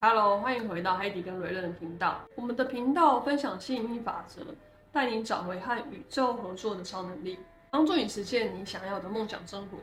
Hello，歡迎回到海地跟睿睿的頻道。我們的頻道分享吸引力法則，帶你找回和宇宙合作的超能力，幫助你實現你想要的夢想生活。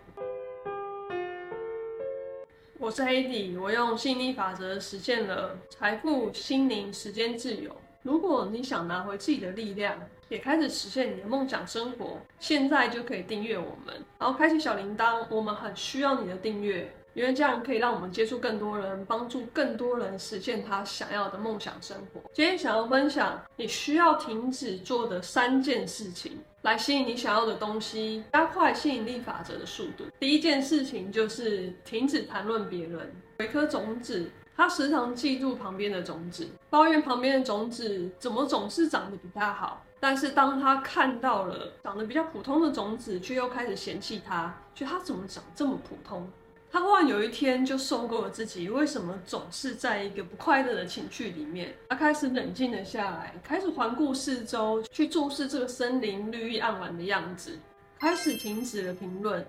我是海地，我用吸引力法則實現了財富、心靈、時間自由。如果你想拿回自己的力量，也開始實現你的夢想生活，現在就可以訂閱我們，然後開啟小鈴鐺，我們很需要你的訂閱。因為這樣可以讓我們接觸更多人，幫助更多人實現他想要的夢想生活。今天想要分享，你需要停止做的三件事情，來吸引你想要的東西，加快吸引力法則的速度。第一件事情就是停止談論別人。有一顆種子，它時常嫉妒旁邊的種子，抱怨旁邊的種子怎麼總是長得比它好。但是當他看到了長得比較普通的種子，卻又開始嫌棄它，覺得它怎麼長這麼普通。他忽然有一天就受夠了自己為什麼總是在一個不快樂的情緒裡面，他開始冷靜了下來，開始環顧四周，去注視這個森林綠意盎然的樣子，開始停止了評論。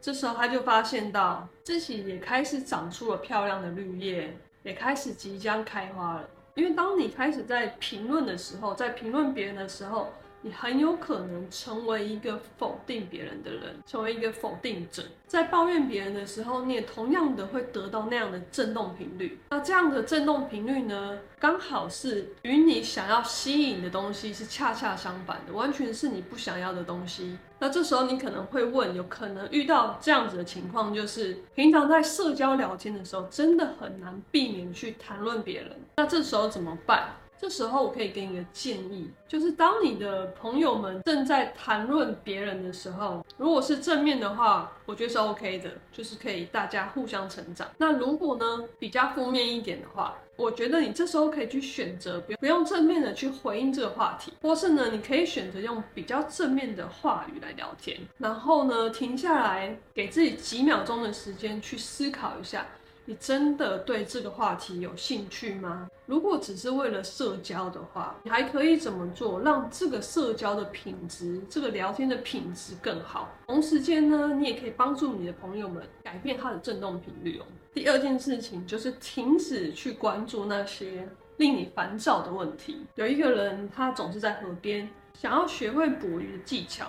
這時候他就發現到自己也開始長出了漂亮的綠葉，也開始即將開花了。因為當你開始在評論的時候，在評論別人的時候，你很有可能成為一個否定別人的人，成為一個否定者。在抱怨別人的時候，你也同樣的會得到那樣的震動頻率。那這樣的震動頻率呢，剛好是與你想要吸引的東西是恰恰相反的，完全是你不想要的東西。那這時候你可能會問，有可能遇到這樣子的情況，就是平常在社交聊天的時候，真的很難避免去談論別人。那這時候怎麼辦？這時候我可以給你個建議，就是當你的朋友們正在談論別人的時候，如果是正面的話，我覺得是 OK 的，就是可以大家互相成長。那如果呢，比較負面一點的話，我覺得你這時候可以去選擇不不用正面的去回應這個話題，或是呢，你可以選擇用比較正面的話語來聊天，然後呢，停下來給自己幾秒鐘的時間去思考一下。你真的對這個話題有興趣嗎？如果只是為了社交的話，你還可以怎麼做，讓這個社交的品質、這個聊天的品質更好？同時間呢，你也可以幫助你的朋友們改變他的震動頻率哦。第二件事情就是停止去關注那些令你煩躁的問題。有一個人，他總是在河邊想要學會捕魚的技巧，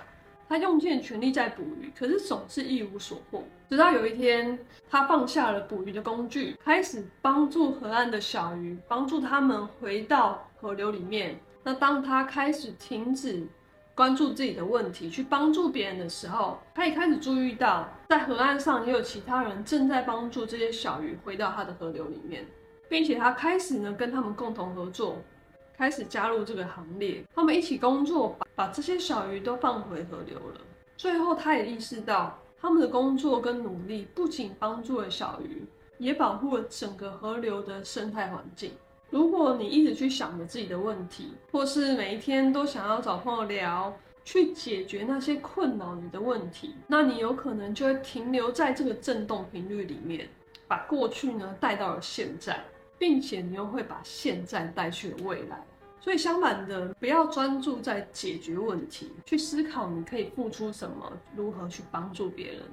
他用盡全力在捕魚，可是總是一無所獲。直到有一天，他放下了捕魚的工具，開始幫助河岸的小魚，幫助他們回到河流裡面。那當他開始停止關注自己的問題，去幫助別人的時候，他也開始注意到，在河岸上也有其他人正在幫助這些小魚回到他的河流裡面，並且他開始呢跟他們共同合作，開始加入這個行列，他們一起工作，把，把這些小魚都放回河流了。最後，他也意識到。他們的工作跟努力不僅幫助了小魚，也保護了整個河流的生態環境。如果你一直去想着自己的問題，或是每一天都想要找朋友聊，去解決那些困擾你的問題，那你有可能就會停留在這個振動頻率裡面，把過去呢帶到了現在，並且你又會把現在帶去了未來。所以相反的，不要專注在解決問題，去思考你可以付出什麼，如何去幫助別人，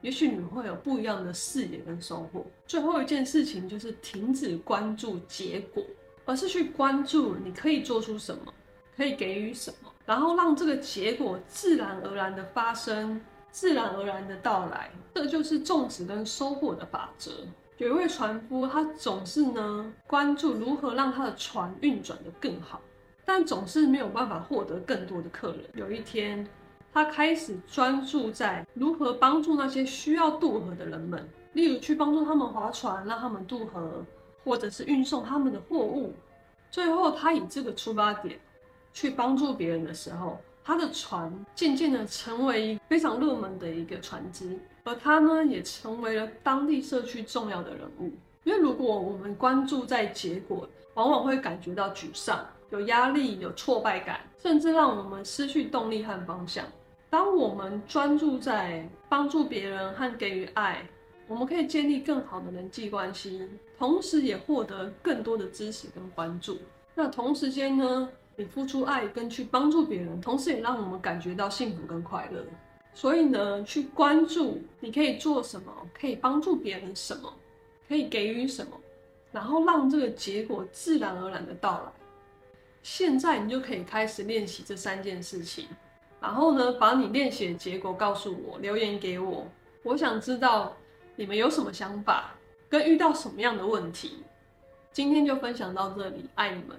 也許你會有不一樣的視野跟收穫。最後一件事情就是停止關注結果，而是去關注你可以做出什麼，可以給予什麼，然後讓這個結果自然而然的發生，自然而然的到來。這就是種植跟收穫的法則。有一位船夫，他總是呢關注如何讓他的船運轉得更好，但總是沒有辦法獲得更多的客人。有一天，他開始專注在如何幫助那些需要渡河的人們，例如去幫助他們划船，讓他們渡河，或者是運送他們的貨物。最後，他以這個出發點去幫助別人的時候。他的船漸漸地成為非常熱門的一個船隻，而他呢，也成為了當地社區重要的人物。因為如果我們關注在結果，往往會感覺到沮喪、有壓力、有挫敗感，甚至讓我們失去動力和方向。當我們專注在幫助別人和給予愛，我們可以建立更好的人際關係，同時也獲得更多的支持跟關注。那同時間呢，你付出愛跟去幫助別人，同時也讓我們感覺到幸福跟快樂。所以呢，去關注你可以做什麼，可以幫助別人什麼，可以給予什麼，然後讓這個結果自然而然的到來。現在你就可以開始練習這三件事情，然後呢，把你練習的結果告訴我，留言給我。我想知道你們有什麼想法，跟遇到什麼樣的問題。今天就分享到這裡，愛你們。